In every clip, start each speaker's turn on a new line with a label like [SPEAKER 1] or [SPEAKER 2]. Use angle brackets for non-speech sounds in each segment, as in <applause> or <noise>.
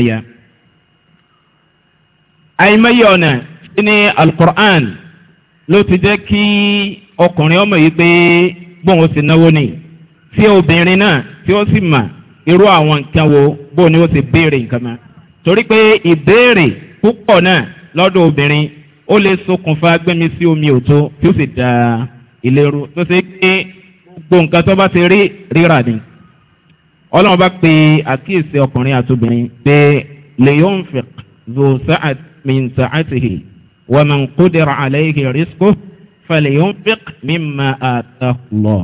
[SPEAKER 1] láya. àìmọye ọ̀nà ní alukur'an ló ti jẹ́ kí ọkùnrin ọmọ yìí pé bóun sì náwó ni tí obìnrin náà tí ó sì mà irú àwọn nǹkan wo bóun ni ó ti béèrè nǹkan mọ́ torí pé ìbéèrè púpọ̀ náà lọ́dọ̀ obìnrin ó lè ṣokùnfà gbẹ́mi sí omi òtó tí ó sì da ìlérò tó ṣe é gbé gbogbo nǹkan tó bá ti rí rírà ni ọlọ́run bá pe àkíyèsí ọkùnrin àtòbìnrin pé leon fiq zo sa'ad min sa'atihi wa man kudira alayhi risku faleon fiq mimma atakulọ.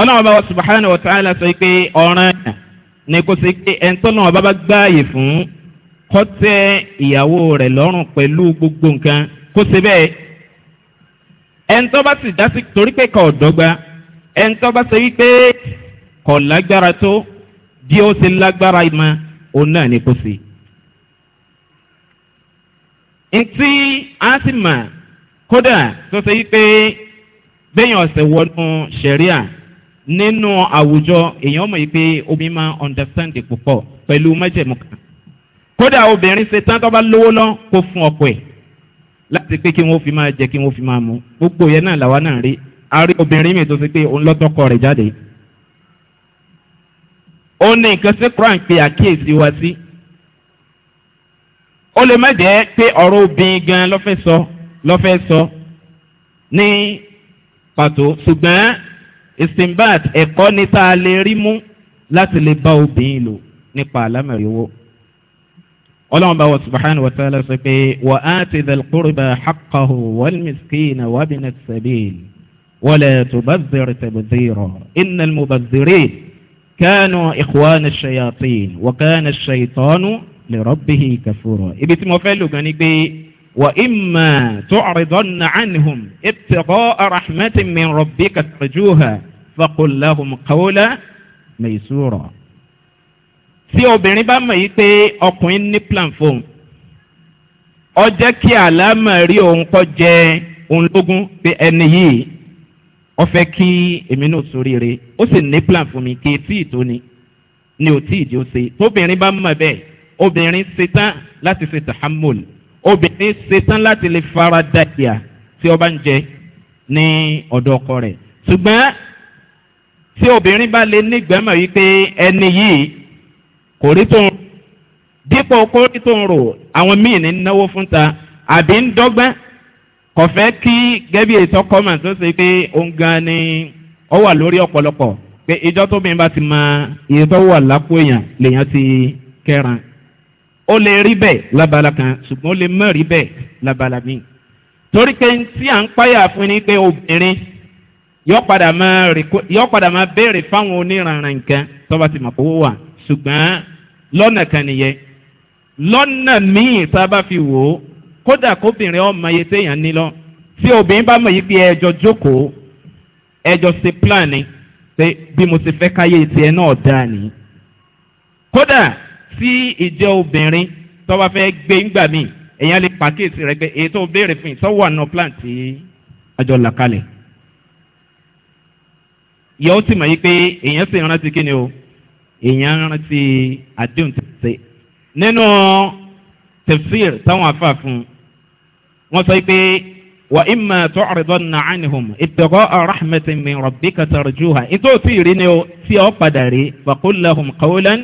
[SPEAKER 1] ọlọ́run bá wa subahana wa ta'ala sọ pé ọ̀ràn ni kò sí pé ẹ̀ńtọ́nà ọba bá gbáàyè fún kọ́tẹ́ ìyàwó rẹ̀ lọ́rùn pẹ̀lú gbogbo nǹkan kó ṣe bẹ́ẹ̀ ẹ̀ńtọ́ bá sì dá sí torí pé kọ̀ ọ̀dọ́gba ẹ̀ńtọ́ bá ṣe wípé kò lágbára tó bí ó ti lágbára mọ́ òun náà ni kò sí. ntí a sì mà kódà tó ṣe yí pé bẹ́yìn ọ̀sẹ̀ wọnú sẹ̀ríà nínú àwùjọ èèyàn mọ̀ yí pé omi máa understand púpọ̀ pẹ̀lú májèmú kan kódà obìnrin ṣe tán tó bá lówó lọ kó fún ọkọ ẹ láti pé kí wọn fi máa jẹ kí wọn fi máa mu gbogbo yẹn náà làwa náà rí a rí obìnrin mi tó ṣe pé òun lọ́tọ́kọ rẹ̀ jáde ó ní nǹkan sí quran pé àkíyèsí wa sí ó lè má jẹ́ pé ọ̀rọ̀ obìnrin gan lọ́fẹ́ sọ lọ́fẹ́ sọ ní pàtó ṣùgbọ́n istinbat ẹ̀kọ́ ni tá a lè rí mú láti lè bá obìnrin lò nípa àlámẹ̀rí ọlọ́run bá wọ subahana wa ta'ala sọ pé wà á ti dàl kúrìbà xaqahu wàl miskiina wàbìnà sàbíl wàlẹ̀ tó bá zèrè tẹ̀bù zèrò ìnàl bá zèrè. كانوا إخوان الشياطين وكان الشيطان لربه كفورا إبت مفلو قنبي وإما تعرضن عنهم ابتغاء رحمة من ربك ترجوها فقل لهم قولا ميسورا tí obìnrin bá mọ̀ yìí pé ọkùnrin ní plan fóun ọ jẹ́ kí àlámà rí òun kọ́ jẹ òun lógún pé ẹni yìí ọ fẹ́ kí èmi náà soríire ó sì ní plan fún mi kí etí ìtò ni ni ò tí ìdí ó ṣe tóbìnrin bá mọ̀ bẹ́ẹ̀ obìnrin ṣetán láti ṣe tahamul obìnrin ṣetán láti lè fara da ìyà tí ọba ń jẹ ní ọ̀dọ̀ ọkọ rẹ̀ ṣùgbọ́n tí obìnrin bá lè nígbàmọ̀ wípé ẹni yìí kò rí tó ń dípò kó rí tó ń rò àwọn míì ní náwó fún ta àbí ń dọ́gbọ́n kọ̀fẹ́ kí gẹ́bí ètò kọ́mà tó ṣe pé òun gan ni ó wà lórí ọ̀pọ̀lọpọ̀ pé ìjọ tó bí n bá ti mọ iye tó wà lápò èèyàn lèèyàn ti kẹran ó lè rí bẹ́ẹ̀ lábala kan ṣùgbọ́n ó lè mọ̀ rí bẹ́ẹ̀ lábala míì torí pé tí à ń páyà fún ni pé obìnrin yóò padà máa béèrè fáwọn oníranran nǹkan tó bá ti mọ̀ kó wà ṣùgbọ́n lọ́nà kan nìyẹn lọ́nà míì tá a bá fi wò ó kódà kóbìnrin ọmọ iye téèyàn ní lọ tí obìnrin bá mọ̀ yí pé ẹjọ́ jókòó ẹjọ́ ṣe plan ni pé bí mo ṣe fẹ́ káyé tiẹ̀ náà dáa nìyí. kódà tí ìjẹ́ obìnrin tó bá fẹ́ gbé ńgbà míì èèyàn lè pàkíyèsí rẹ pé èyí tó béèrè fún yìí tó wà nù plan tí àjọ là kalẹ̀. ìyá ó sì mọ̀ yí pé èèyàn sì rántí kí ni o èèyàn rántí àdéhùn tẹ̀sẹ̀ nínú tẹ̀síìr táwọn afáàfún wọ́n sọ pé wà ìmọ̀ tó ọ̀rẹ́dọ́n nà ánìhùn ìtọ́gọ́ ọ̀rọ̀hàmẹ́tì mi rọ̀bì kàtàrjúhà ètò tí ì rí ni ó tí ó padà rí fàkúlẹ̀hùn kàwọ́lẹ́n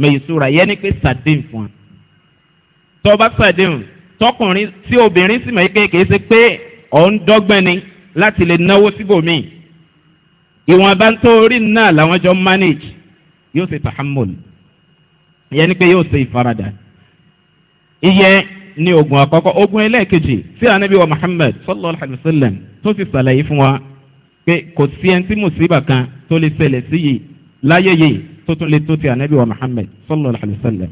[SPEAKER 1] mẹ̀yìsúra yẹn ni pé sàdín fún un. tọ́ba sàdín tọkùnrin tí obìnrin sì mọ̀ pé kìí ṣe pé òun dọ́gbọ́n ni láti lè náwó síbòmíì ìwọ̀nba tó rí náà làwọn jọ manage yóò ṣe tàhámọ́lù yẹn pé yóò ṣe ìfaradà ìyẹn ní ogun àkọ́kọ́ ogun ẹlẹ́ẹ̀kejì tí anabi wa muhammed sallallahu alayhi wa sallam tó ti sàlàyé fún wa pé kò sí ẹni tí mùsíbà kan tó lè ṣẹlẹ̀ sí yìí láyé yìí tó tún lè tó ti anabi wa muhammed sallallahu alayhi wa sallam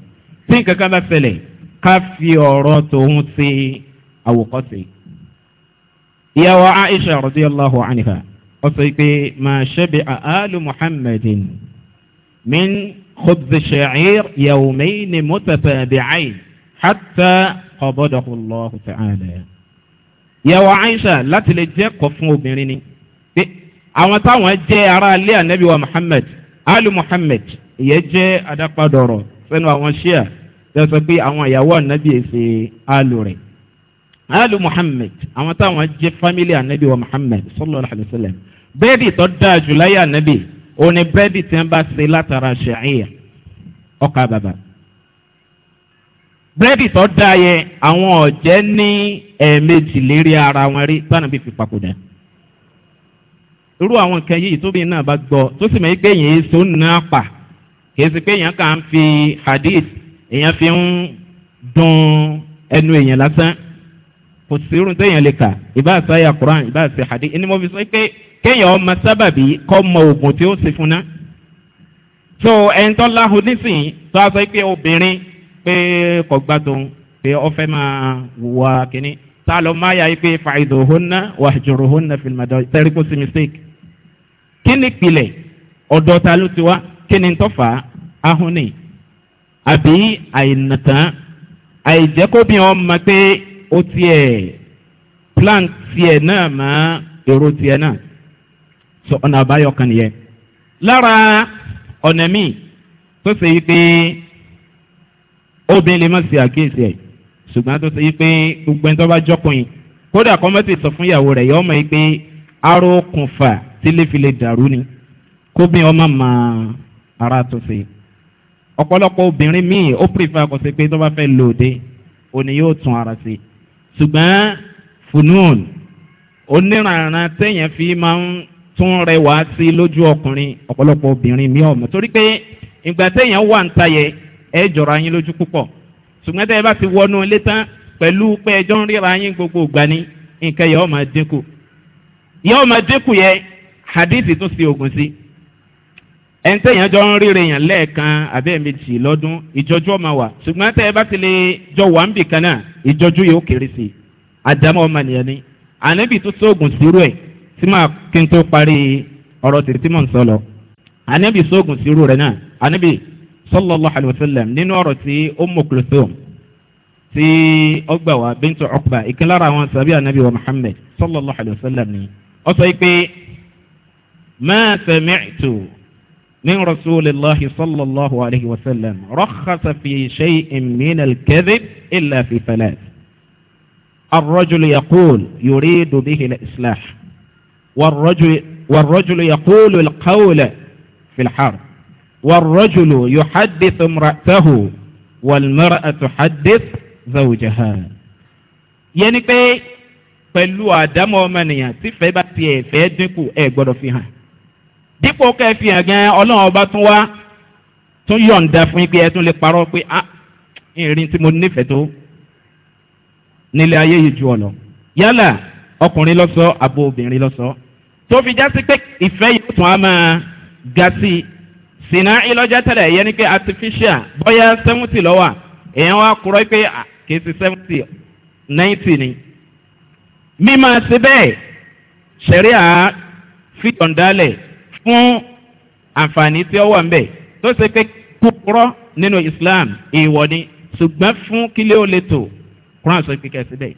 [SPEAKER 1] tí nǹkan kan bá ṣẹlẹ̀ ká fi ọ̀rọ̀ tòun ṣe àwòkọ́ṣe. ìyàwó aisha radiyallahu anha ó sọ pé màá ṣẹ́bi àálù muhammadin min khubzi sha'ir yawmayn mutatabi'ayn hatta qabadahu Allahu ta'ala. ìyàwó Aisha láti lè jẹ́ kọ́ fún obìnrin ni pé àwọn táwọn jẹ́ ará ilé ànábì wa Muhammad ali Muhammad ìyẹn jẹ́ adápadọ̀rọ̀ sẹ́nu àwọn ṣíà tẹ̀sán pé àwọn ìyàwó ànábì èsè alu rẹ̀ alu Muhammad àwọn táwọn jẹ́ fámílì ànábì wa Muhammad alayhi wa sallam bẹ́ẹ̀dì tó dáa jù láyé ànábì òun ni bẹ́ẹ̀dì ṣe látara ọkà bàbà búrẹ́dì tó dáa yẹn àwọn ọ̀jẹ́ ní ẹ̀ẹ̀mejì lérí ara wọn rí tánà bí fi papòdà irú àwọn nǹkan yìí tóbi náà bá gbọ́ tó sì mọ̀ pé èèyàn èso náà pa kìí sì pé èèyàn kàn ń fi hadith èèyàn fi ń dun ẹnu èèyàn lásán kò sí irun téèyàn lè kà ìbá àṣàyà quran ìbá àṣà hadith ẹni mo fi sọ pé kéèyàn ọmọ sábàbí kọ́ mọ oògùn tí ó ṣe fún ná. so ẹni tó láhùn nísìnyí tó a sọ pé obìnrin pé kò gbádùn pé ọfẹ́ máa wà kínní tá a lọ máa yà yí pé fàìdò hona wà jòrò hona fìlìmọ̀dọ̀ tẹ́rí kó sí mistake kí ni pilẹ̀ ọ̀dọ̀ ta ló ti wá kí ni tọ́fà ahun ni àbí àìnàtàn àìjẹ́kóbi wọn mọ pé ó tiẹ̀ plan tiẹ̀ náà mọ́ èrò tiẹ̀ náà sọ ọ̀nà àbáyọ kan nìyẹn lára ọ̀nà míì tó ṣe yí pé obìnrin lè má ṣe àkíyèsí ẹ̀ ṣùgbọ́n tó ṣe yí pé gbogbo ẹni tó bá jọ́kùnrin kódà kọ́mẹ́tì sọ fún ìyàwó rẹ̀ yọ ọmọ yìí pé arókùnfà tí lè fi lè dàrú ni kóbìn ọmọ mà ara tó ṣe ọ̀pọ̀lọpọ̀ obìnrin míì ó pèfà kò sí pé tó bá fẹ́ lò dé òní yóò tún ara ṣe ṣùgbọ́n funun onírànràn téèyàn fi máa ń tún rẹwà sí lójú ọkùnrin ọ̀pọ̀lọpọ̀ obìnrin míì ọ̀mọ̀ torí pé ìgbà téèyàn wà ń tayẹ ẹ jọra yín lójú púpọ̀ ṣùgbọ́n tẹ́ ẹ bá ti wọnú ilé tán pẹ̀lú pé ẹjọ́ ń ríra yín gbogbo ìgbà ni nǹkan yẹn ó máa dínkù yẹn ó máa dínkù yẹn hadith tún sí ogun sí ẹni tẹ̀yàn jọ ń ríra èèyàn lẹ́ẹ̀kan abẹ́ méjì lọ́dún ìjọjú ọmọ wà ṣùgbọ́n tẹ́ ẹ bá ti lè jọ wà ń bì kan ìjọjú yóò kéré sí i àdámọ́ ọmọ nìyẹn ni ànábì tún sóògùn sírú ẹ̀ tí màá kí n tó parí ọ̀rọ̀ tètè mọ̀ lọ ànábì sóògùn sírú rẹ̀ náà ànábì صلى الله عليه وسلم لنور سي أم كلثوم سي أقبى وبنت عقبة إكلا روان سبيع النبي محمد صلى الله عليه وسلم أصيب ما سمعت من رسول الله صلى الله عليه وسلم رخص في شيء من الكذب إلا في ثلاث الرجل يقول يريد به الإصلاح والرجل, والرجل يقول القول في الحرب والرجل يحدث امرأته والمرأة تحدث زوجها yẹni pé pẹ̀lú àdámọ́ ọmọnìyàn tí fẹ́ bá tiẹ̀ fẹ́ dínkù ẹ̀ gbọ́dọ̀ fi hàn dípò kẹ́ ẹ fi hàn gan ọlọ́run ọba tún wá tún yọ̀ǹda fún yín pé ẹ tún lè parọ́ pé a ah, ìrìn tí mo nífẹ̀ẹ́ tó nílé ayé yìí ju ọ̀nà yálà ọkùnrin lọ́sọ̀ọ́ àbò obìnrin lọ́sọ̀ọ́ tó fi já sí pé ìfẹ́ yìí tún á máa ga sí i sìnà ìlọ́jà tẹ̀lẹ̀ yẹn ni pé artificial bọ́yá seventy lọ́wọ́ èèyàn wá kúrọ́ pé kìí ṣe seventy ninety ni. mímọ ṣe bẹ́ẹ̀ ṣẹ̀ríà fìyọ̀ǹdálẹ̀ fún àǹfààní tí ó wà tó ṣe pé kúrọ́ nínú islam èèwọ̀ ni ṣùgbọ́n fún kílé ó lè tò kúrọ́ àṣọ ìpìkẹ́ síbẹ̀.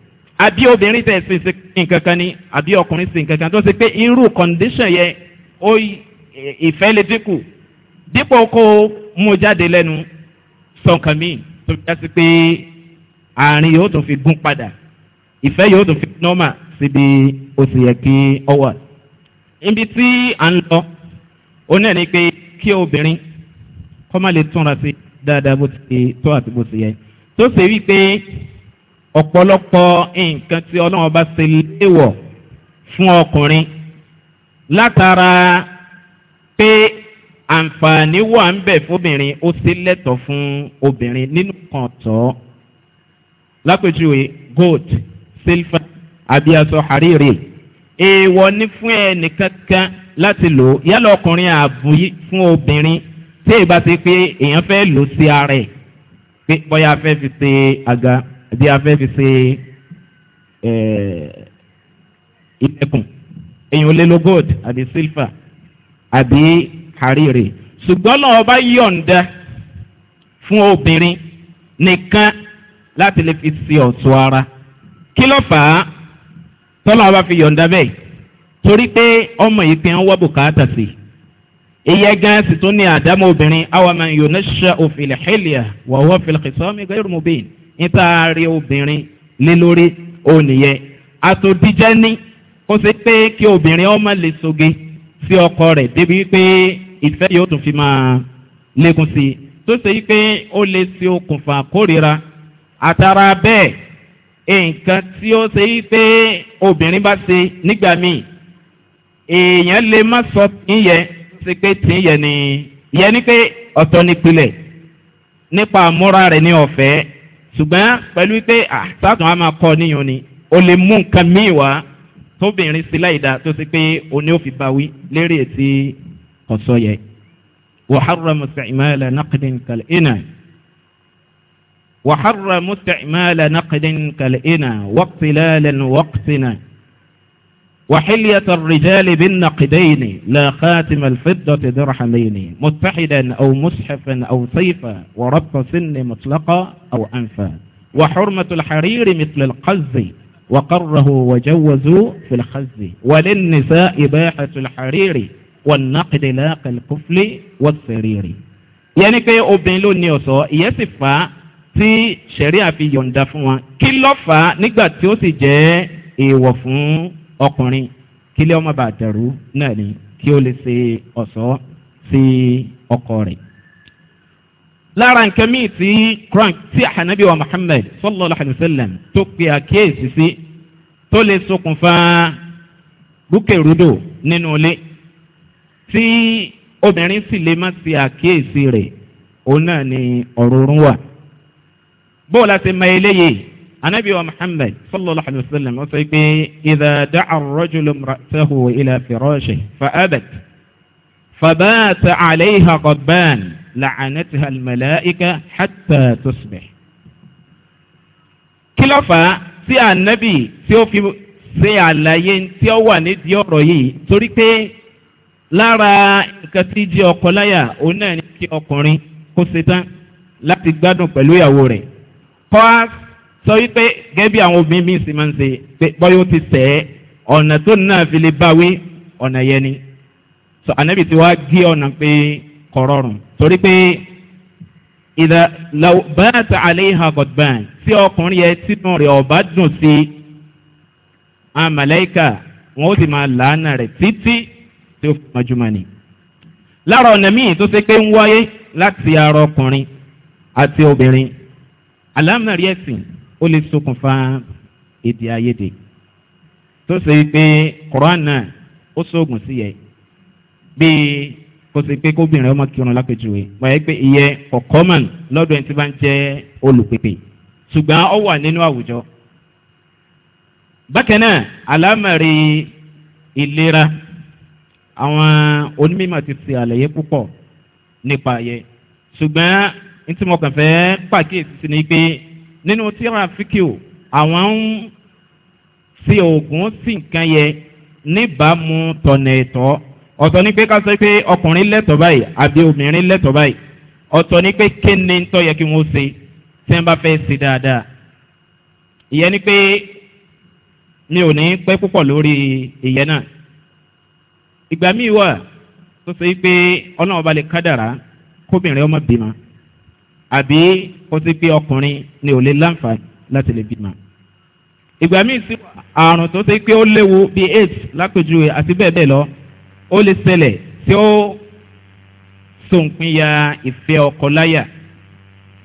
[SPEAKER 1] àbí obìnrin tẹ̀ sí ṣe nǹkan ni àbí ọkùnrin sí nǹkan tó ṣe pé irú condition yẹn ó ìfẹ́ lè dínkù dípò kó mú jáde lẹ́nu sọ̀kan míì tó fi jásí pé àárín yóò tún fi gún padà ìfẹ́ yóò tún fi nọ́mà síbi ó sì yẹ kí ọ wà. ibi tí à ń lọ ó náà ni pé kí obìnrin kọ́ má lè túnra sí dáadáa bó ti tó àti bó ti yẹ tó ṣe wí ọ̀pọ̀lọpọ̀ nǹkan tí ọlọ́run bá ṣe léwọ̀ fún ọkùnrin látara pé àǹfààní wà ń bẹ̀ fóbìnrin ó sì lẹ́tọ̀ fún obìnrin nínú kan tọ́ lápèjúwe gold silver àbí aṣọ àríire èèwọ̀ ní fún ẹnìkankan láti lò yálà ọkùnrin ààbò fún obìnrin tí èèbá ti pé èèyàn fẹ́ lò sí ara ẹ̀ pé bóyá a fẹ́ fi ṣe àga àbí a fẹ́ fi ṣe ilẹ̀kùn èèyàn lè lo gold àbí silver àbí àríre ṣùgbọ́n náà ọba yọ̀ǹda fún obìnrin nìkan láti lè fi ṣe ọ̀tún ara kí ló fà á tọ́lá ọba fi yọ̀ǹda bẹ́ẹ̀ torí pé ọmọ yìí pé ń wá bùkátà sí iye gan sì tún ní àdámọ́ obìnrin àwọn ọmọ yìí ní ṣe òfin ìhìlìyà wà wọ́n fi lè sọ́mi gẹ́rù mú bẹ́ẹ̀ níta rí obìnrin lé lórí ònìyẹ àtòdíjẹ́ ní kó ṣe pé kí obìnrin ọmọ lè soge sí ọkọ rẹ̀ débi pé ìfẹ́ yóò tún fi máa lékún sí i tó ṣe yí pé ó lè ṣe okùnfà kórìíra àtàrà bẹ́ẹ̀ nǹkan tí ó ṣe yí pé obìnrin bá ṣe nígbà míì èèyàn lè má sọ ìyẹn ṣe pé tí ìyẹn ni ìyẹn ni pé ọ̀tọ̀ nípìnlẹ̀ nípa àmúra rẹ̀ ní ọ̀fẹ́ ṣùgbọ́n pẹ̀lú pé àtàtàn á máa kọ́ níyàn ni o lè mú nǹkan míì wá tóbìnrin sí láìda tó ṣe pé o ní òfin báwí lérè tí kọ̀sọ́ وحرم استعمال نقد كالإنا وحرم استعمال نقد كالإنا واقتلالا واقتنا وحلية الرجال بالنقدين لا خاتم الفضة درحمين متحدا أو مصحفا أو سيفا وربط سن مطلقا أو أنفا وحرمة الحرير مثل القز وقره وجوزوا في الخز وللنساء باحة الحرير والنقد لاق الكفل والسرير yẹni pé obìnrin ló ní ọ̀sọ́ ìyẹn sì fà á tí sẹ̀ríà fi yọ̀ǹda fún wa kí ló fà á nígbà tí ó sì jẹ́ èèwọ̀ fún ọkùnrin kí lé ọmọ bàá dẹ̀rú náà ni kí ó lè ṣe ọ̀sọ́ sí ọkọ rẹ̀. lára nǹkan míì tí crank tí àhànábì wa muhammed sallallahu alayhi wa sallam tó pe àkíyèsí sí tó lè ṣokùnfà rúkèrúdò nínú ilé tí obìnrin sì lè má ṣe àkíyèsí rẹ̀ òun náà ni ọ̀rọ̀rùn wà. bó o la ṣe mọ eléyìí anabi wa muhammed sallallahu alayhi wa sallam ó sọ pé ìdá dàcà rọ́jùlù mùràtàhù ilà fìrọ́ṣẹ̀ fàábẹ̀t fàbáàtà àlẹ́yìhà kọ̀bán làánàtìhà màláìka hàtà tóṣbẹ̀. kí ló fà á tí anabi tí ó fi ṣe àlàyé tí ó wà nídìí ọ̀rọ̀ yìí torí pé lára nǹkan tí jẹ́ ọkọ láyà òun náà ní kí ọkùnrin kó ṣetán láti gbádùn pẹ̀lú ìyàwó rẹ̀ kọ́ á sọ wípé gẹ́gẹ́ bí àwọn obìnrin míì sì máa ń ṣe pé bọ́yọ̀ ti tẹ̀ ẹ́ ọ̀nà tó náà fi lè báwí ọ̀nà yẹn ni sọ ànábì tí wàá gé ọ̀nà pé kọ̀rọ̀rùn torí pé ìdá báàtà àlẹ́ ìhà tí ọkùnrin yẹn tínú rẹ̀ ọ̀bá dùn sí àmàlẹ́kà wọn ó sì máa làánà rẹ̀ títí tí ó fún ọjọ́mọ́ ni. lára ọ̀nà míì tó ṣe pé ń wáyé láti ara ọkùnrin àti obìnrin àlámọ̀rí ẹ̀sìn ó lè ṣokùnfà èdè àìyedè tó ṣe pé koran náà ó ṣoògùn sí yẹ bíi kó ṣe pé kóbìnrin ọmọ kírun lápẹjùwe wáyé pé ìyẹn kọ̀kọ́mọ̀n lọ́dọ̀ ẹni tí bá ń jẹ́ olùpèpè ṣùgbọ́n ó wà nínú àwùjọ. bákan náà àlámọ̀rí ìlera àwọn onímọ̀ ti ṣe àlàyé púpọ̀ nípa ayẹ ṣùgbọ́n n tí mo kàn fẹ́ pàkíyèsí sí ni pé nínú tíra fíkìó àwọn ń ṣe oògùn sí nǹkan yẹ níbàámu tọ̀nà ẹ̀tọ́ ọ̀tọ̀ ni pé ká sọ pé ọkùnrin lẹ́tọ̀ báyìí àbí obìnrin lẹ́tọ̀ báyìí ọ̀tọ̀ ni pé kí ni tọ́ yẹ kí wọ́n ṣe tí wọ́n bá fẹ́ ṣe dáadáa ìyẹn ni pé mi ò ní pẹ́ púpọ̀ lórí ìyẹn náà ìgbà míì wà tó ṣe pé ọlọ́run ọba lè kádàrá kóbìnrin ọmọ bímọ àbí kó ti pé ọkùnrin ni ò lè láǹfààní láti lè bímọ. ìgbà míì sí àrùn tó ṣe pé ó léwu bí aids lápèjúwe àti bẹ́ẹ̀ bẹ́ẹ̀ lọ ó lè ṣẹlẹ̀ tí ó sòǹpinya ìfẹ́ ọkọ láyà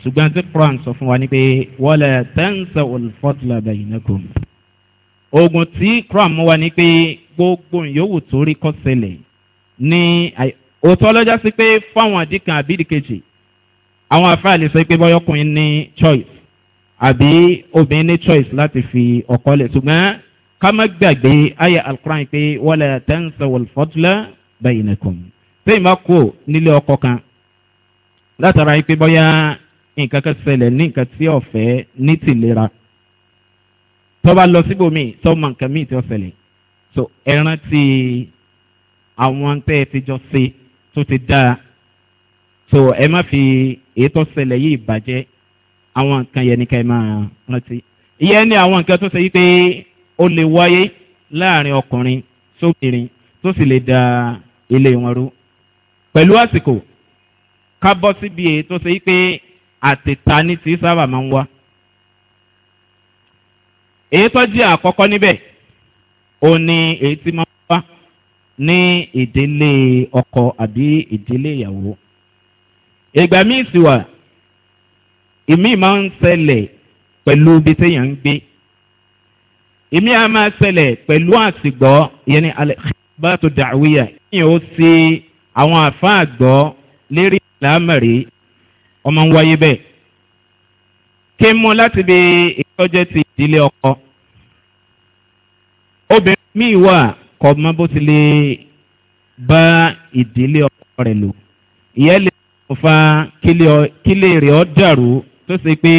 [SPEAKER 1] ṣùgbọ́n tí quran sọ fún wa ni pé wọ́n lè tẹ́ǹsà olùfọ́tìlà bẹ̀yìn náà kò mú oògùn tí cram mú wa ni pé gbogbo ìyówù tó rí kọ́ sẹlẹ̀ ní òótọ́ lọ́jà sí pé fáwọn àdìkan àbí àwọn àfáà lè sọ pé bọ́yọ́kùnrin ní choice àbí obìnrin ní choice láti fi ọkọ lẹ̀ ṣùgbọ́n ká má gbàgbé ayé alukóran pé wọ́n lè tẹ́ǹsẹ̀ wọ̀l fọ́tulẹ̀ bẹ́yìn nìkan tẹ́yìn bá kú nílé ọkọ kan látara pé bọ́yá nǹkan kan ṣẹlẹ̀ ní nǹkan tí ọ̀fẹ́ ní tìlera tọ́ba lọ síbòmíì tọ́mọ nǹkan míì tí ó fẹ̀lẹ̀ so ẹran ti àwọn tẹ́ ẹ ti jọ ṣe tó ti dáa so ẹ má fi èyí tó ṣẹlẹ̀ yìí bàjẹ́ àwọn nǹkan yẹn ní ká ẹ máa rántí ìyẹn ní àwọn nǹkan tó ṣe yí pé ó lè wáyé láàrin ọkùnrin sóbìnrin tó sì lè da ilé wọn rú pẹ̀lú àsìkò ká bọ́ síbi èyí ṣe yí pé àtẹ̀tà ní tí sábà máa ń wá èyí tó jẹ́ àkọ́kọ́ níbẹ̀ ó ní èyí tí máa wá ní ìdílé ọkọ àbí ìdílé ìyàwó ìgbà míì sì wà ìmí máa ń ṣẹlẹ̀ pẹ̀lú ibi téèyàn ń gbé ìmí a máa ṣẹlẹ̀ pẹ̀lú àsìgbọ́ ìyẹn ní alẹ́ bá tó dàwíyà ìyẹn ó ṣe àwọn àfáà gbọ́ lérí ìlàmẹ̀rí ọmọ ń wáyé bẹ́ẹ̀ kí n mú láti bí tọ́jẹ́ ti ìdílé ọkọ obìnrin míì wà kọ́ mọ́ bó ti lè bá ìdílé ọkọ rẹ̀ lò ìyẹn lè fa kílé rẹ̀ ọ́ dàrú tó ṣe pé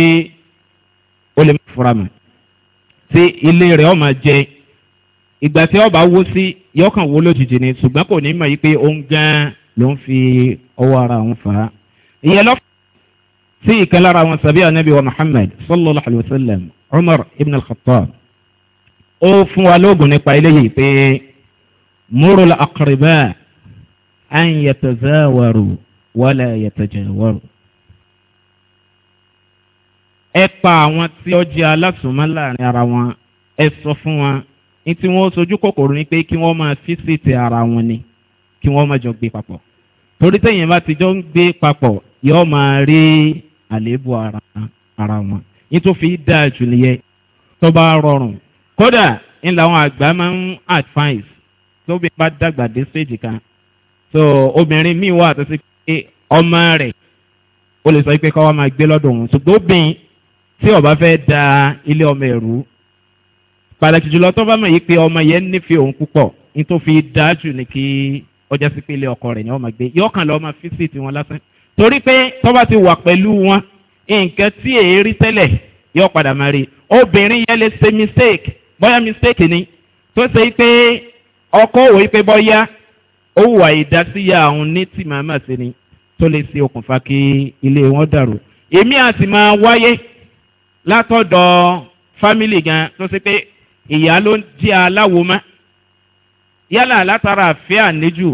[SPEAKER 1] ó lè má fura mọ́ tí ilé rẹ̀ ọ́ máa jẹ ìgbà tí ọba wó sí yọkàn wó lójijì ni ṣùgbọ́n kò ní mọ̀ yí pé òun gan ló ń fi ọwọ́ ara òun fà á ìyẹn lọ́fà sí ìkan lára àwọn sàbí ànábì wa muhammed sallallahu alayhi wa sallam umar ibn al-khattab ó fún wa lóògùn nípa eléyìí pé múrò la àkàrìbá an yàtàzáwàrò wàlà yàtàjáwàrò. ẹ pa àwọn tí ó jẹ alásùnmọ́ láàrin ara wọn ẹ sọ fún wọn ní tí wọ́n sojú kòkòrò ni pé kí wọ́n máa fi síìtì ara wọn ni kí wọ́n máa jọ gbé papọ̀ torí tẹ̀yìn bá ti jọ ń gbé papọ̀ yóò máa rí àléébù ara ara wọn nítòfin dáa jù nìyẹn tó bá rọrùn kódà ń làwọn àgbà máa ń advice tóbi bá dàgbà dé stage kan so obìnrin míì wà tó sì pé ọmọ rẹ̀ ó lè sọ pé káwá máa gbé lọ́dọ̀ òun ṣùgbọ́n obìnrin tí ọba fẹ́ da ilé ọmọ ẹ̀rú pàtàkì jùlọ tó bá mọ̀ yìí pé ọmọ yẹn nífẹ̀ẹ́ òun púpọ̀ nítorí fi dáa jù ní kí ọjà sí pé ilé ọkọ rẹ̀ ni wọ́n máa gbé yọ̀ọ̀kan lọ́ọ́ máa fi lásán torí pé tọ́ba ti wà pẹ̀lú wọn nǹkan tí èérí tẹ́lẹ̀ yóò padà máa rí obìnrin yẹn lè ṣe mistake bóyá mistake ni tó ṣe pé ọkọ òwe pé bóyá ó wà ìdásíyà òun ní tí màmá ṣe ni tó lè ṣe okùnfà kí ilé wọn dàrú èmi àti máa wáyé látọ̀dọ̀ fámìlì gan tó ṣe pé ìyá ló ń di aláwo mọ́ yálà látara àfẹ́ àníjù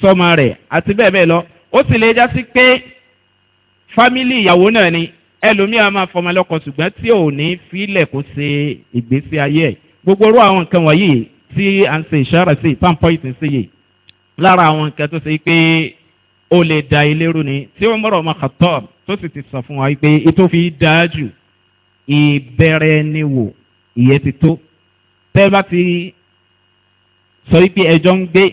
[SPEAKER 1] sọmọ rẹ̀ àti bẹ́ẹ̀ bẹ́ẹ̀ lọ ó sì lè já sí pé fámìlì ìyàwó náà ni ẹlòmíà máa fọmọ lọkọ ṣùgbọ́n tí ò ní fílẹ̀ kó ṣe ìgbésí ayé ẹ̀ gbogbo orú àwọn nǹkan wọ̀nyí tí à ń ṣe ìṣọ́ra sí palm point sí yìí lára àwọn nǹkan tó ṣe pé ó lè da ilé rú ni tí wọ́n mọ̀rọ̀ ọmọ kàtọ́ tó sì ti sọ fún wa pé ètò fi dáa jù ìbẹ̀rẹ̀ ni wò ìyẹn ti tó tẹ́ bá ti sọ wípé ẹjọ́ ń gbé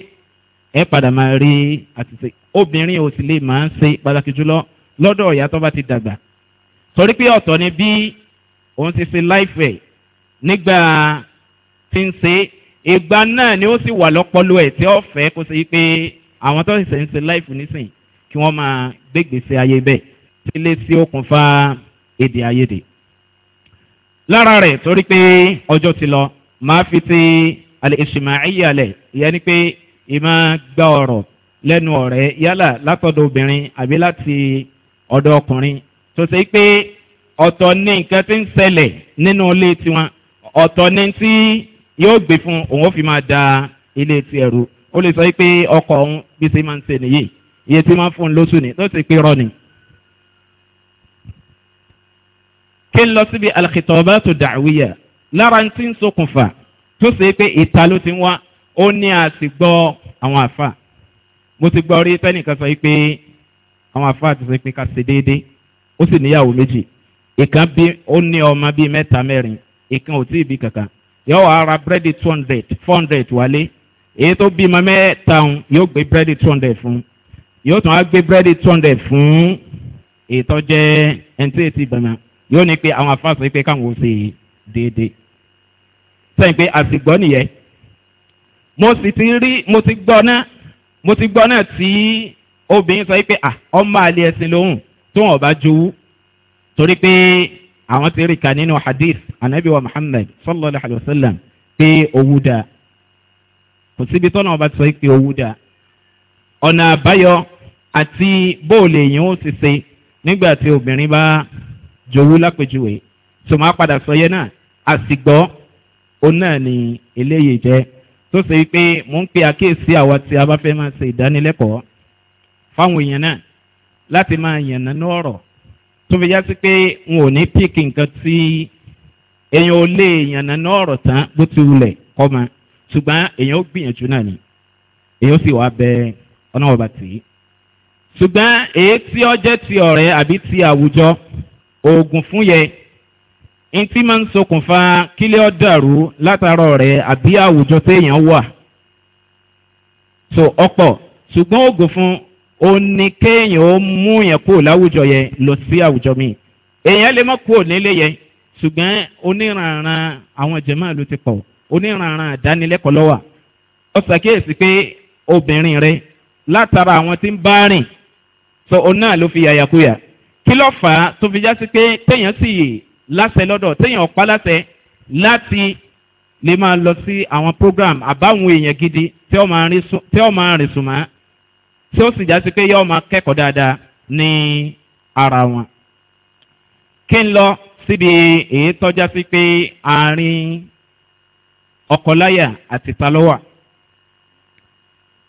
[SPEAKER 1] ẹ padà máa rí àtìsẹ́ obìnrin ò sì lè máa ń ṣe pàtàkì jùlọ lọ́dọ̀ ọ̀yà tó bá ti dàgbà torí pé ọ̀tọ̀ ni bí òun ti ṣe láìfẹ̀ nígbà tí ń ṣe ìgbà náà ni ó sì wà lọ́pọ̀lọ ẹ̀ tí ó fẹ́ kó ṣe pé àwọn tó ṣẹ̀ṣẹ̀ ń ṣe láìfù nísìn kí wọ́n máa gbégbèsè ayé bẹ́ẹ̀ tí lè sí okùnfà èdè àyèdè. lára rẹ̀ torí pé ọjọ́ ti lọ màá fi ti àlè ìṣìmáyé àlẹ̀ ìyẹn ni pé ìmọ̀ lẹ́nu ọ̀rẹ́ yálà látọ̀dọ̀ obìnrin àbí láti ọ̀dọ̀ ọkùnrin tó ṣe pé ọ̀tọ̀ ní nǹkan tí ń ṣẹlẹ̀ nínú ilé tiwọn ọ̀tọ̀ ní tí yóò gbé fún òun ó fi máa da ilé ti ẹ̀rù ó lè sọ pé ọkọ̀ òun bí ṣe máa ń ṣe nìyí iye tí máa ń fún lóṣù ni tó ṣe pé rọ ni. kí n lọ síbi alkitọba tó dàwíyà lára tí ń ṣokùnfà tó ṣe pé ìta ló ti wá ó ní àsìgbọ́ àwọn àfa mo ti gbọ́ rí tẹ́nìkan sọ pé àwọn afáà ti sọ pé ká ṣe déédéé ó sì níyàwó méjì ìkan bí ó ní ọmọ bíi mẹ́ta mẹ́rin ìkan ò tíì bí kankan yóò wá ra búrẹ́dì two hundred four hundred wálé èyí tó bímọ mẹ́ta òun yóò gbé búrẹ́dì two hundred fún yóò tún wá gbé búrẹ́dì two hundred fún ètò jẹ́ ẹni tí yóò ní pé àwọn afáà sọ pé káwọn ò ṣe déédéé sẹ́yìn pé àsìgbọ́ nìyẹn mo sì ti rí mo ti gbọ́ náà mo ti gbọ́ náà tí obìnrin sọ pé ah, ọmọ àlè ẹ̀sìn lòun tó wọn bá jowú torí pé àwọn ti rí ka nínú hadith anabi wa muhammed sallallahu alayhi wa sallam pé owó da kò síbi tọ́nà ọba ti sọ pé owó da ọ̀nà àbáyọ àti bóòlù èèyàn ó ti ṣe nígbà tí obìnrin bá jowú lápèjúwe tó máa padà sọ yẹn náà àsìgbọ́ òun náà ni eléyìí jẹ́ tó ṣe pé mò ń pe àkíyèsí àwa tí a bá fẹ́ máa ṣe ìdánilẹ́kọ̀ọ́ fáwọn èèyàn náà láti máa yànnà ní ọ̀rọ̀ tó fi já sí pé wọn ò ní píkì nǹkan tí èèyàn ò lè yànnà ní ọ̀rọ̀ tán bó ti wulẹ̀ kọ́ ma ṣùgbọ́n èèyàn ó gbìyànjú náà ni èèyàn ó sì wá bẹ ọ̀nà ọ̀bà tì í ṣùgbọ́n èyí tí ọ jẹ́ ti ọ̀rẹ́ àbí ti àwùjọ oògùn fún yẹn in tí máa ń ṣokùnfà kílẹ̀ ọ́ dàrú látara rẹ̀ àbí àwùjọ téèyàn wà so ọ̀pọ̀ ṣùgbọ́n oògùn fún o ní kéèyàn ó mú yẹn kúrò láwùjọ yẹn lọ sí àwùjọ míì èèyàn lè má kúrò nílé yẹn ṣùgbọ́n oníranran àwọn jẹ̀mọ́ ló ti pọ̀ oníranran àdánilẹ́kọ̀ọ́ lọ́wọ́ ọ ṣàkíyèsí pé obìnrin rẹ látara àwọn tí ń bá rìn so òun náà ló fi yàyàkuyà kí ló fà á tó fi já sí pé téèyàn sì láṣẹ lọ́dọ̀ téèyàn pa láṣẹ láti lè máa lọ sí àwọn program àbáwọn èèyàn gidi tí ó máa rìn sùnmọ́ tí ó sì já sí pé yóò máa kẹ́kọ̀ọ́ dáadáa ní ara wọn. kí n lọ síbi èyí tọ́já sí pé àárín ọkọláyà àti talọ́wà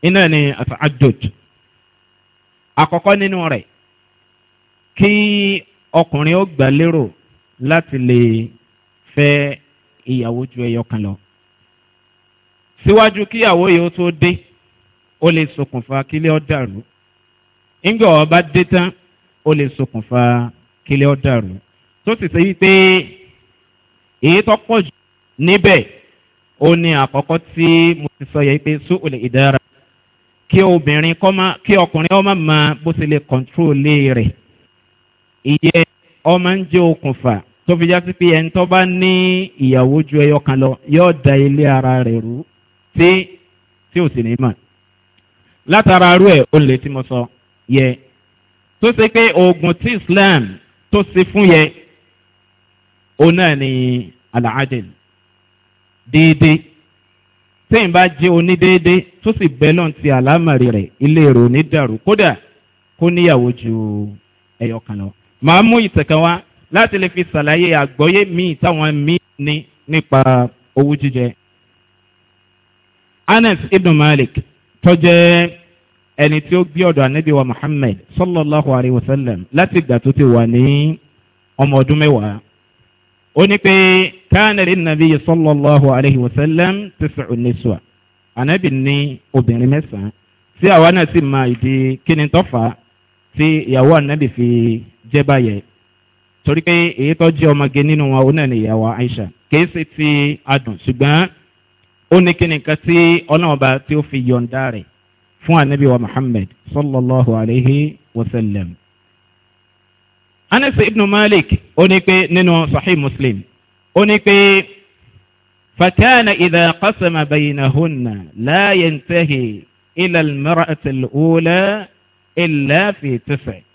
[SPEAKER 1] iná ni àjòj àkọ́kọ́ nínú rẹ̀ kí ọkùnrin ó gbà lérò láti lè fẹ́ ìyàwó ju ẹyọ kan lọ. síwájú kí ìyàwó yìí ó tó dé ó lè ṣokùnfà kílẹ̀ ó dàrú ńgbà ọba dé tán ó lè ṣokùnfà kílẹ̀ ó dàrú tó sì ṣe wípé èyí tó pọ̀ jù níbẹ̀ ó ní àkọ́kọ́ tí mo ti sọ yẹ pé sún olè ìdára kí obìnrin kọ́ máa kí ọkùnrin ọmọ máa bó ti lè kọ́ńtrólé rẹ̀ ìyẹn ọmọ ń jẹ́ okùnfà tó fi já sí pé ẹni tó bá ní ìyàwó ju ẹyọ kan lọ yóò da ilé ara rẹ̀ rú tí tí ò sì ní mà látara rú ẹ̀ ó lè tí mo sọ yẹ tó ṣe pé oògùn tí islam tó ṣe fún yẹ òun náà ni alaadil déédéé téèyàn bá jẹ́ onídéédéé tó sì bẹ́ lọ́n ti àlámàrí rẹ̀ ilé rò dàrú kódà kó níyàwó ju ẹyọ kan lọ màá mú ìtẹ̀kẹ́ wá láti lè fi ṣàlàyé àgbọ́yé míì táwọn míì ní nípa owó jíjẹ. anas ibn malik tó jẹ́ ẹni tí ó gbé ọ̀dọ̀ anabi muhammed sallallahu alayhi wa sallam láti ìgbà tó ti wà ní ọmọ ọdún mẹ́wàá. ó ní pé káàní nàbí sallallahu alayhi wa sallam tẹ̀sán oníṣùà anabi ní obìnrin mẹ́sàn-án tí àwa náà sì máa ìdí kíni tó fà á tí ìyàwó anabi fi jẹ́ báyẹn. torí pé èyí tó jẹ́ gẹ nínú wọn òun náà ni ìyàwó aisha kìí ṣe ti adùn ṣùgbọ́n ó ní kíni nìkan tí ọlọ́ọ̀ba tí ó fi yọ̀ǹda rẹ̀ fún anabi wa muhammed sallallahu alayhi wa sallam. anas ibn malik ó ní pé nínú sahih muslim ó ní pé fakana idà qasama bayinahunna láàyè ntẹ́hì ilà mẹ́rẹ̀ẹ́tì lùúlẹ̀ ilà fi tẹ̀sẹ̀.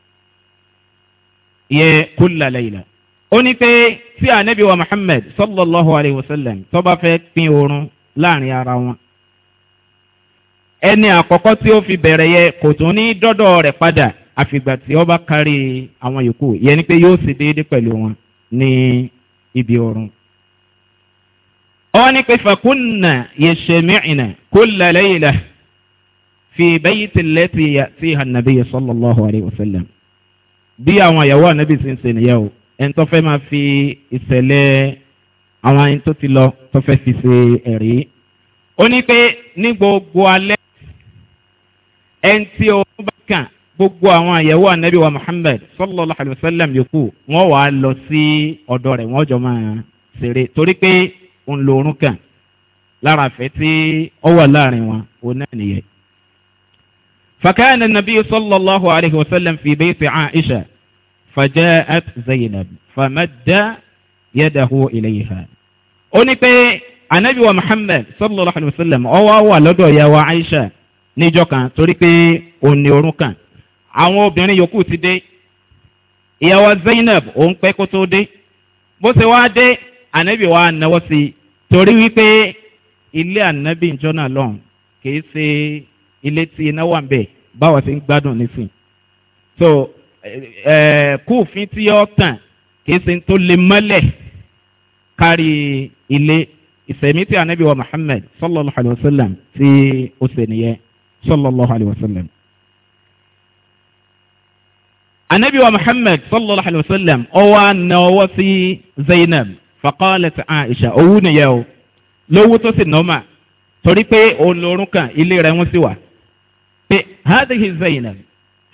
[SPEAKER 1] yẹn kúlà lẹ́yìnà. ó ní pé tí anabi wa muhammed sallallahu alayhi wa sallam tó bá fẹ́ pín oorun láàrin ara wọn. ẹni àkọ́kọ́ tí ó fi bẹ̀rẹ̀ yẹ kò tún ní dọ́dọ̀ rẹ̀ padà àfìgbà tí ó kárí àwọn yòókù yẹn ni pé yóò sì déédéé pẹ̀lú wọn ní ibi oorun. ó pé fàkúnnà yẹ̀ṣẹ̀mìnà kúlà lẹ́yìnà fi bẹ́yìí tilẹ̀ ti hànàbíyẹ sallallahu alayhi wa sallam bí àwọn àyàwó ànábì sì ń ṣe nìyẹn o ẹni tó fẹ́ máa fi ìṣẹ̀lẹ̀ àwọn ẹni tó ti lọ tó fẹ́ fi ṣe ẹ̀rí. ó ní pé ní gbogbo alẹ́ ẹni tí oorun bá kàn gbogbo àwọn àyẹ̀wò ànábì wa muhammed sallallahu alayhi wa sallam yòókù wọ́n wàá lọ sí ọ̀dọ̀ rẹ̀ wọ́n jọ máa ṣeré torí pé òun lòórùn kàn lára àfẹ́ tí ó wà láàrin wọn òun náà nìyẹn. فكان النبي صلى الله عليه وسلم في بيت عائشة فجاءت زينب فمد يده إليها أنبي anabi wa muhammed sallallahu alayhi wa sallam ọwọ́ wà lọ́dọ̀ ìyàwó aisha níjọ kan torí pé òní orun kan àwọn obìnrin yòókù ti dé ìyàwó zainab òun pẹ́ kó tó dé bó ṣe wá dé anabi wa náwó sí i torí wípé ilé anabi ìjọ náà lọ́hùn kìí ṣe ilé tí iná wà ń bẹ̀ báwa ti ń gbádùn nísìn. so kófin tí yọ tàn kì í ṣe tó lè mọ́lẹ̀ kárí ilé ìsẹ̀mí tí anabi wa muhammed sallallahu alayhi wa sallam tí ó ṣe nìyẹn sallallahu alayhi wa sallam. anabi wa muhammed sallallahu alayhi wa sallam ọwọ́ àna ọwọ́ sí zainab faqalat aisha owó nìyẹn o lówó tó sì nọ́ọ̀mà torí pé òun lorun ilé rẹ̀ wọ́n sì wà pé hádìhì zainab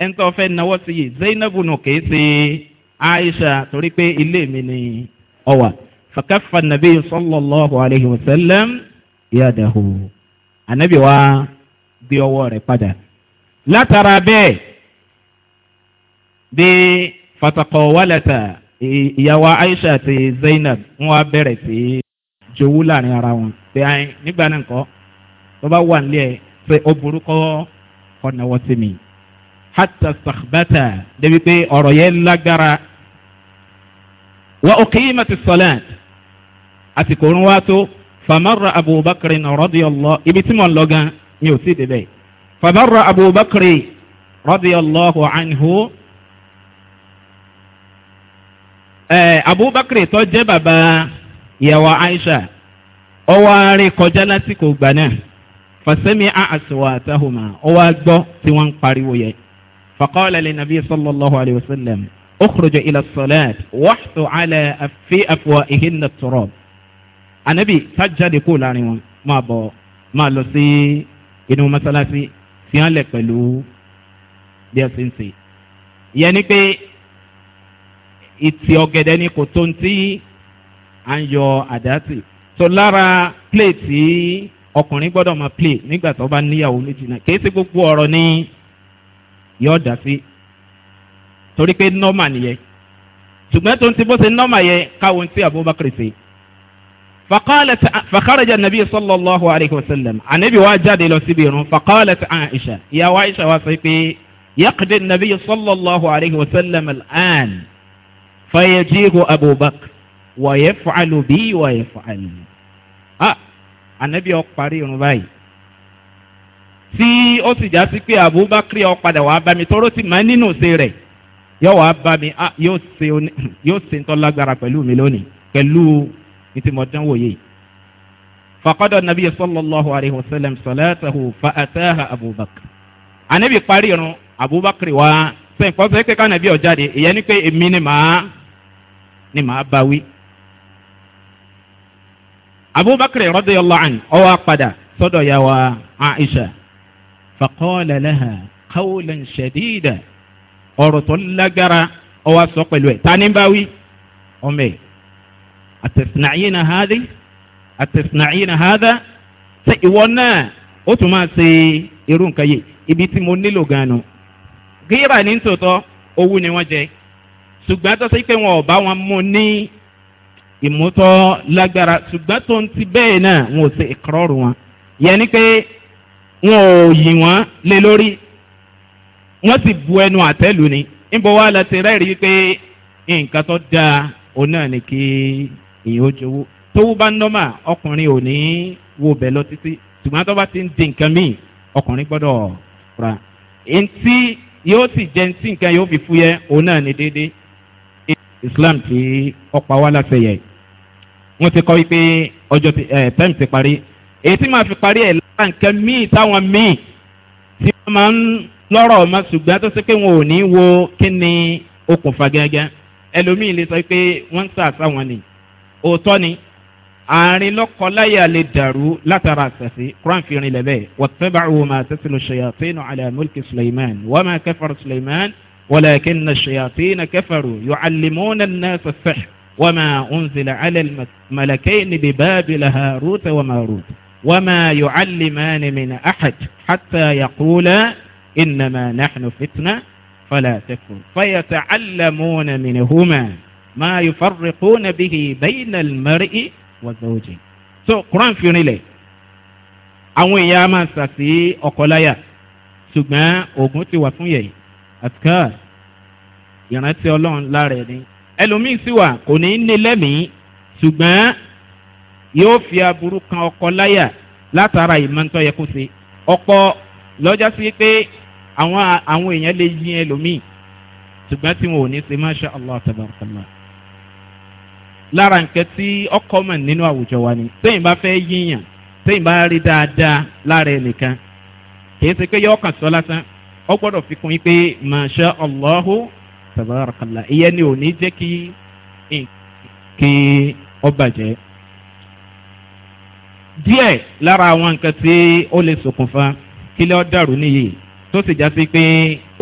[SPEAKER 1] ẹni tó fẹ́ náwó sí yìí zainab nù kìí ṣe aisha torí pé ilé mi ni ọ wà fàkàfà nàbí sọlọ́lọ́hu aleyhi wa sẹ́lẹ̀m yàdàhù ànábì wa gbé ọwọ́ rẹ̀ padà látara bẹ́ẹ̀ bí fatakọ̀ wàlẹ̀tà ìyàwó aisha àti zainab ń wá bẹ̀rẹ̀ sí jowú láàrin ara wọn pé nígbà náà kọ́ tó bá wà nílé ẹ̀ ó burú kọ́ ọ̀nàwọ́ sí mi hata sàkbàtà débi pé ọ̀rọ̀ yẹn lágbára wa òkèyí ma ti sọ̀lẹ́t àsìkò òun wá tó famara abubakar rọ́dí ọlọ́ ibi tí mo ń lọ gan mi ò sí débẹ̀ famara abubakar rọ́dí ọlọ́hu anhu ẹ̀ abubakar tó jẹ́ bàbá ìyàwó aisha ọwọ́ àárẹ̀ kọjá lásìkò gbà fasẹ́mi àṣewà àtàhùmá ó wá gbọ́ tí wọ́n ń pariwo yẹ. fakọ́lẹ̀ lè nàbí sallallahu alayhi wa sallam ó kúròjọ ilẹ̀ sọ̀lẹ́t wàhùtò alẹ́ àfi àfọwà ìhìnnà tọ̀rọ̀. ànábì tájáde kó láàrin wọn máa bọ̀ máa lọ sí inú mọ́sálásí fi hàn lẹ̀ pẹ̀lú bí ẹ ṣe ń ṣe. ìyẹn pé ìtì ọ̀gẹ̀dẹ̀ ni kò tó ń tí à ń yọ àdá sí. tó lára plate yìí ọkùnrin gbọ́dọ̀ máa play nígbà tó bá níyàwó méjì náà kì í sí gbogbo ọ̀rọ̀ ní yọ ọ̀dà sí torí pé nọ́ọ̀mà nìyẹn ṣùgbọ́n tó ń ti bó ṣe nọ́ọ̀mà yẹn káwọn ti abubakar ṣe. فقالت فخرج النبي صلى الله عليه وسلم النبي واجد لو سبيرون فقالت عائشة يا عائشة وصفي يقضي النبي صلى الله عليه وسلم الآن فيجيء أبو بكر ويفعل بي ويفعل ànábì ọ parí irun báyìí tí ó sì já sí pé abubakar ọ padà wàá bá mi tóró sì máa nínú ṣe rẹ̀ yóò wàá bá mi ah, yóò ṣe ń <laughs> tọ́ lágbára pẹ̀lú mi lónìí pẹ̀lú ìtìmọ̀dánwò yìí. fàkọ́dọ̀ nàbí sallallahu alayhi wa sallam salatahu abubakar. ànábì parí irun abubakar wa sẹ́yìn fọ́sẹ̀ pé nàbí ọ̀ ìyẹn ni pé èmi ni màá ni màá bá wí abubakar rọ́dọ̀yọ̀lọ́ àn ọwọ́ padà sọ́dọ̀ yà wá aisha fàkọ́ọ̀lẹ̀ lẹ́hà káwọ́lẹ̀ ṣẹ̀dídà ọ̀rọ̀ tó lágbára ọwọ́ sọ pẹ̀lú ẹ̀ tani bá wí ọmọ ẹ̀ àtẹ̀sìnàyínà hádé àtẹ̀sìnàyínà hádá ṣe ìwọ náà ó tún máa ṣe irú nǹkan yìí ibi tí mo nílò gan-an ní tòótọ́ owó ni wọ́n jẹ ṣùgbọ́n tó ṣe pé wọn ò bá wọn mú ní ìmútọ́ lágbára ṣùgbọ́n tó ń ti bẹ́ẹ̀ náà wọn ò ṣe ìkọrọ̀rù wọn yẹn ni pé wọn ò yìn wọn lé lórí wọn sì bu ẹnu àtẹ́lù ni níbo wa la ti rẹ́rìí pé nǹkan tó dáa òun náà ni kí èyí ó jowó tówó bá nọ́mà ọkùnrin ò ní wo bẹ̀ lọ títí ṣùgbọ́n tó bá ti ń di nǹkan míì ọkùnrin gbọ́dọ̀ ra ntí yóò sì jẹ ntí nǹkan yóò fi fúyẹ́ òun náà ni déédéé islam tí ọ̀pá wa láṣẹ yẹn wọ́n ti kọ́ wípé ọjọ́ ẹ̀ eh, time ti parí èyí tí màá fi parí ẹ̀ lára nǹkan míì táwọn míì tí wọ́n máa ń lọ́rọ̀ ọmọ ṣùgbọ́n tó ṣe pé wọn ò ní wo kí ni okùnfà gẹ́gẹ́ ẹlòmíì lè sọ pé wọ́n ń sàṣà wọn ni òótọ́ ni àárín lọ́kọláyà lè dàrú látara àṣàṣe quran fi rin lẹ́bẹ̀ẹ́ wàtẹ́bàá wo máa tẹ́sílò ṣèyàtínú alamulki suleiman wọ́n máa kẹfàrú suleiman wọ́n lẹ́kẹ́ na ṣèyàtínú kẹfàrú yóò alimọ́nà náà sọ̀fẹ́. وما أنزل على الملكين ببابل هاروت وماروت وما يعلمان من أحد حتى يقولا إنما نحن فتنة فلا تكفر فيتعلمون منهما ما يفرقون به بين المرء وزوجه so Quran fi onílẹ̀ àwọn iya ma sà sí ọkọláyà ṣùgbọ́n ogun ti wà fún yẹ̀yìn àtikár ìrántí ọlọ́run lare ni ẹlòmíì sì wà kò ní ní lẹ́mìí ṣùgbọ́n yóò fi aburú kan ọkọ láyà látara ìmọ̀ntọ́ yẹ kó ṣe ọ̀pọ̀ lọ́jà sí pé àwọn àwọn èèyàn lè yin ẹlòmíì ṣùgbọ́n tí wọn ò ní ṣe máṣá allah tabarakala lára nǹkan tí ọkọ mọ̀ nínú àwùjọ wa ni sẹ́yìn bá fẹ́ yíyàn sẹ́yìn bá rí dáadáa lára ẹnìkan kì í ṣe pé yọ ọkàn sọ lásán ọ gbọ́dọ̀ fi kún yín pé máṣá allahu tabarakallah ìyẹn ni ò ní jẹ́ kí kí ọ bàjẹ́. díẹ̀ lára àwọn nǹkan tí ó lè ṣokùnfà kílẹ̀ ọ dàrú nìyí tó sì já sí pé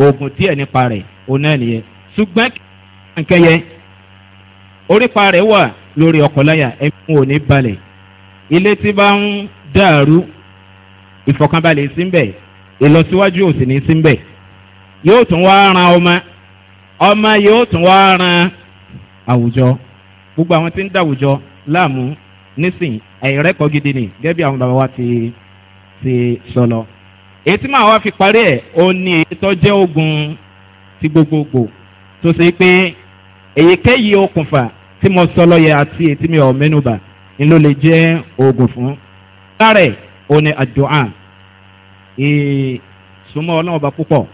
[SPEAKER 1] oògùn díẹ̀ nípa rẹ̀ òun náà nìyẹn ṣùgbọ́n nǹkan yẹn orípa rẹ̀ wà lórí ọkọ̀láyà ẹ̀mí ò ní balẹ̀ ilé tí bá ń dàrú ìfọ̀kànbalẹ̀ síbẹ̀ ìlọsíwájú ò sì ní síbẹ̀ yóò tún wá ran ọmọ ọmọ yóò tún wá ran àwùjọ gbogbo àwọn tí ń dàwùjọ láàmú nísìn ẹ̀rẹ́kọ̀ gidi ni gẹ́gẹ́ bí àwọn bàbá wa ti ti sọ lọ. èyí tí màá wá fi parí ẹ̀ ó ní ètò jẹ́ ogun ti gbogbogbò tó ṣe pé èyíkéyìí okùnfà tí mo sọ lọ́yẹ àti èyí mi ò mẹ́nuba ni ló lè jẹ́ oògùn fún. lára ẹ̀ ó ní àdúrà ìsúnmọ́ ọlọ́run ọba púpọ̀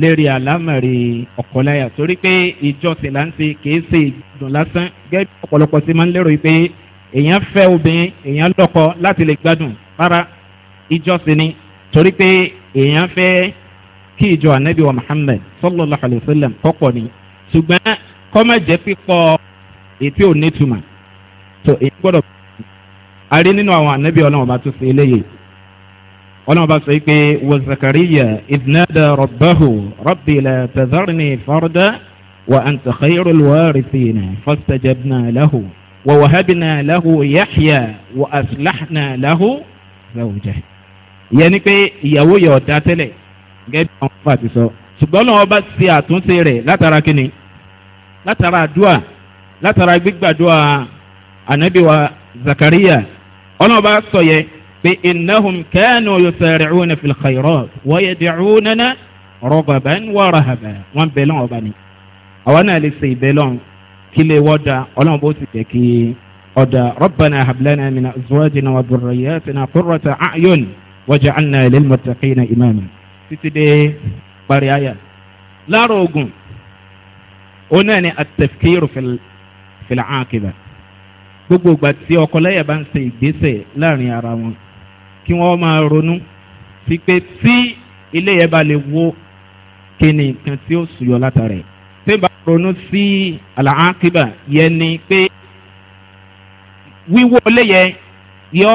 [SPEAKER 1] lérí àlámọ̀rí ọ̀kọ́láyà torí pé ìjọsìn là ń ṣe kìí ṣe ìdùn lásán gẹ́gẹ́ ọ̀pọ̀lọpọ̀ sí máa ń lérò pé èèyàn fẹ́ obìnrin èèyàn lọ́kọ láti lè gbádùn rárá ìjọsìn ni torí pé èèyàn fẹ́ kí ìjọ anabi wa muhammed sallallahu alayhi wa sallam kọ́pọ̀ ni ṣùgbọ́n kọ́mẹ̀jẹ́ pípọ̀ ètí ò nítumọ̀ tó èyí gbọ́dọ̀ a rí nínú àwọn anabi ọlọ́run ọba tó ṣe eléyìí ọlọ́run bá sọ pé wa zakariya idnada rabbahu rabbi la tazarni farda wa anta khayrul warithina fastajabna lahu wa wahabna lahu yahya wa aslahna lahu zawja. ìyẹn ni pé ìyàwó yẹ ọ̀dà tẹ́lẹ̀ gẹ́gẹ́ bí àwọn fún àti sọ ṣùgbọ́n ọlọ́run bá ṣe àtúnṣe rẹ̀ látara kínní látara àdúà látara gbígbàdúà ànábìwa zakariya ọlọ́run bá sọ yẹ بأنهم كانوا يسارعون في الخيرات ويدعوننا رغبا ورهبا وان بلون بني أوانا لسي بلون كلي ودا أولان بوتي ودا ربنا هب لنا من أزواجنا وذرياتنا قرة أعين وجعلنا للمتقين إماما تتدي بريايا لا روغون أناني التفكير في في العاقبة gbogbo ìgbà tí ọkọ lẹ́yìn bá ń ṣe ìgbésẹ̀ láàrin ara wọn kí wọ́n máa ronú sí pé tí ilé yẹn bá lè wo kí ni nǹkan tí ó sùyọ látara ẹ̀ tí bá ronú sí àlàákìbà yẹn ni pé wíwó ilé yẹn yọ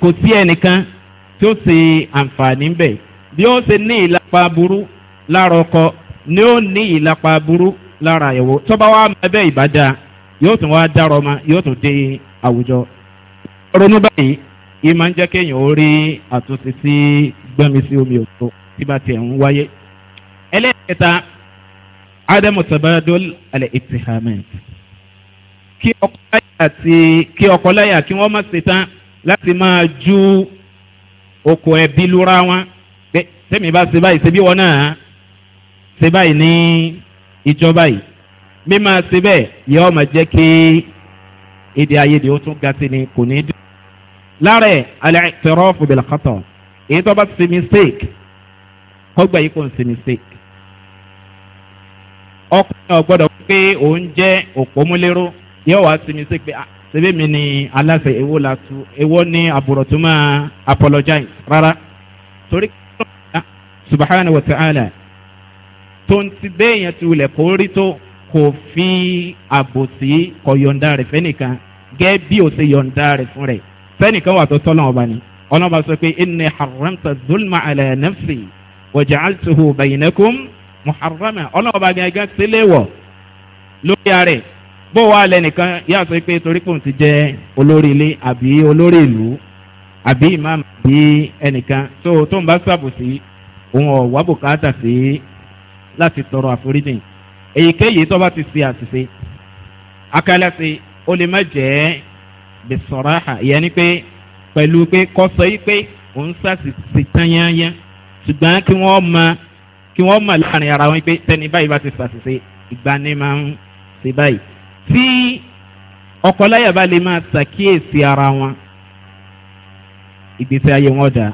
[SPEAKER 1] kò sí ẹnìkan tí ó ṣe àǹfààní bẹ́ẹ̀ bí ó ṣe ní ìlàpá burú lára ọkọ ni ó ní ìlàpá burú lára àyẹ̀wò tọ́ba wa máa bẹ́ ìbá dáa yóò tún wá dára ọmọ yóò tún dé àwùjọ ronú báyìí yìí máa ń jẹ́ kéèyàn ó rí àtúnṣe sí gbẹ́mi sí omi òtó tí bá tiẹ̀ ń wáyé. ẹlẹ́ẹ̀kẹta adamu tabadol alẹ́ itihament kí ọkọláyà àti kí ọkọláyà kí wọ́n má ṣe tán láti máa ju okùn ẹbí lura wọn pé sẹ́mi bá ṣe báyìí ṣe wọn náà ṣe báyìí ní ìjọba yìí mímọ ṣe bẹ́ẹ̀ yọ ọ máa jẹ́ kí èdè àìyedè ó tún ga sí ni kò ní í dùn lára ẹ̀ al-i'tiraf bil-khata' èyí tó bá ti ṣe mistake kọ́gbà yìí kò ń ṣe mistake. ọkùnrin náà gbọ́dọ̀ pé òun jẹ́ òpómúlérò yóò wá ṣe mistake pé ṣebí mi ni aláṣẹ ewo la tu ewo ni àbúrò apologize rárá torí subahana wa ta'ala tonti bẹ́ẹ̀yẹn ti wulẹ̀ kó rí tó kò fi àbòsí kọ̀ yọ̀ǹda rẹ̀ fẹ́nìkan gẹ́gẹ́ bí o ṣe yọ̀ǹda rẹ̀ fún rẹ̀ sẹ́nìkan wà tó tọ́lọ́ ọba ni ọlọ́ba sọ pé ẹnì haramta zulma ala nafsi wọ̀jà altuhu bayinakum muharama ọlọ́ba gẹ́gẹ́ sílẹ̀ wọ̀ lórí ààrẹ bó wà lẹ́nìkan yà sọ pé torí kò ti jẹ́ olórí ilé àbí olórí ìlú àbí imam àbí ẹnìkan tó tó ń bá sàbòsí òun ọ̀ wá bùkátà sí láti tọrọ àforíjìn èyíkéyìí tó bá ti ṣe àṣìṣe akálẹ̀ sí ó má jẹ́ bisọ̀ráhà ìyẹn ni pé pẹ̀lú pé kọ́sọ́ yìí pé òun ṣàṣìṣe tán yányán ṣùgbọ́n kí wọ́n mọ kí wọ́n mọ̀ láàrin ara wọn pé tẹni báyìí bá ti ṣàṣìṣe ìgbani máa ń ṣe báyìí. tí ọkọláyà bá lè máa ṣàkíyèsí ara wọn ìgbésí ayé wọn dà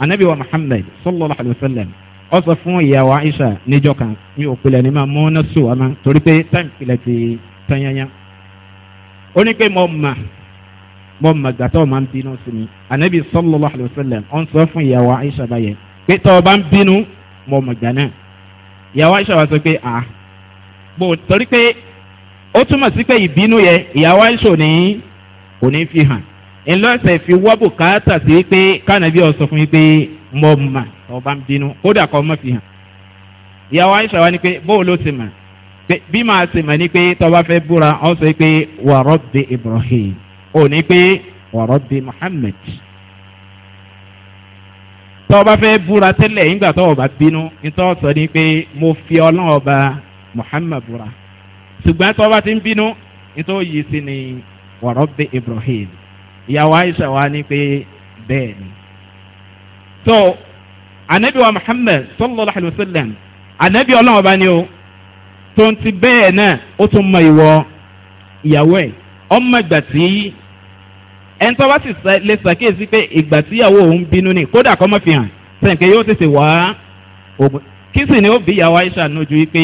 [SPEAKER 1] anabi wa muhammed sallallahu alayhi wa sallam ọ sọ fún ìyàwó aisha níjọ kan ní òpilẹ̀ ní máa mú náà sùn àmọ́ torí pé táìmù pilẹ̀ tán yányán. Oni ní pé mo mà mo mà gbà tó o máa ń bínú mi anabi sallallahu alayhi wa sallam ó ń sọ fún ìyàwó aisha báyẹn pé tó o bá ń bínú mo mà gbà náà ìyàwó aisha wa sọ pé a bò torí pé ó túmọ̀ sí pé ìbínú yẹ ìyàwó aisha ò ní kò ní fi hàn ńlọ́sẹ̀ fi wá bùkátà sí pé kánàbí ọ̀ sọ fún mi pé mo mà tó o bá ń bínú kódà kọ́ ọ má fi hàn ìyàwó aisha wa ni pé bó o ló ti mà bí màá sì mọ̀ ní pé tọ́ba fẹ́ búra ọ sọ pé wàrọ̀ bí ibrahim ò ní pé wàrọ̀ bí muhammed tọ́ba fẹ́ búra tẹ́lẹ̀ nígbà tọ́wọ́ bá bínú nítorí sọ ni pé mo fi ọlọ́run muhammed búra ṣùgbọ́n tọ́ba ti ń bínú nítorí yìí sí ni wàrọ̀ bí ibrahim ìyàwó aisha wa ni pé bẹ́ẹ̀ ni. so anabi muhammed sallallahu alayhi wa sallam anabi ọlọ́run ni o tó ń ti bẹ́ẹ̀ náà ó tún mọ ìwọ ìyàwó ẹ̀ ọmọ ìgbà tí ẹni tó bá sì lè ṣàkíyèsí pé ìgbà tí ìyàwó òun bínú ni kódà kọ́ mọ́ fi hàn sẹ́yìn pé yóò tètè wá ògùn kí sì ni ó bí ìyàwó aisha nójú wípé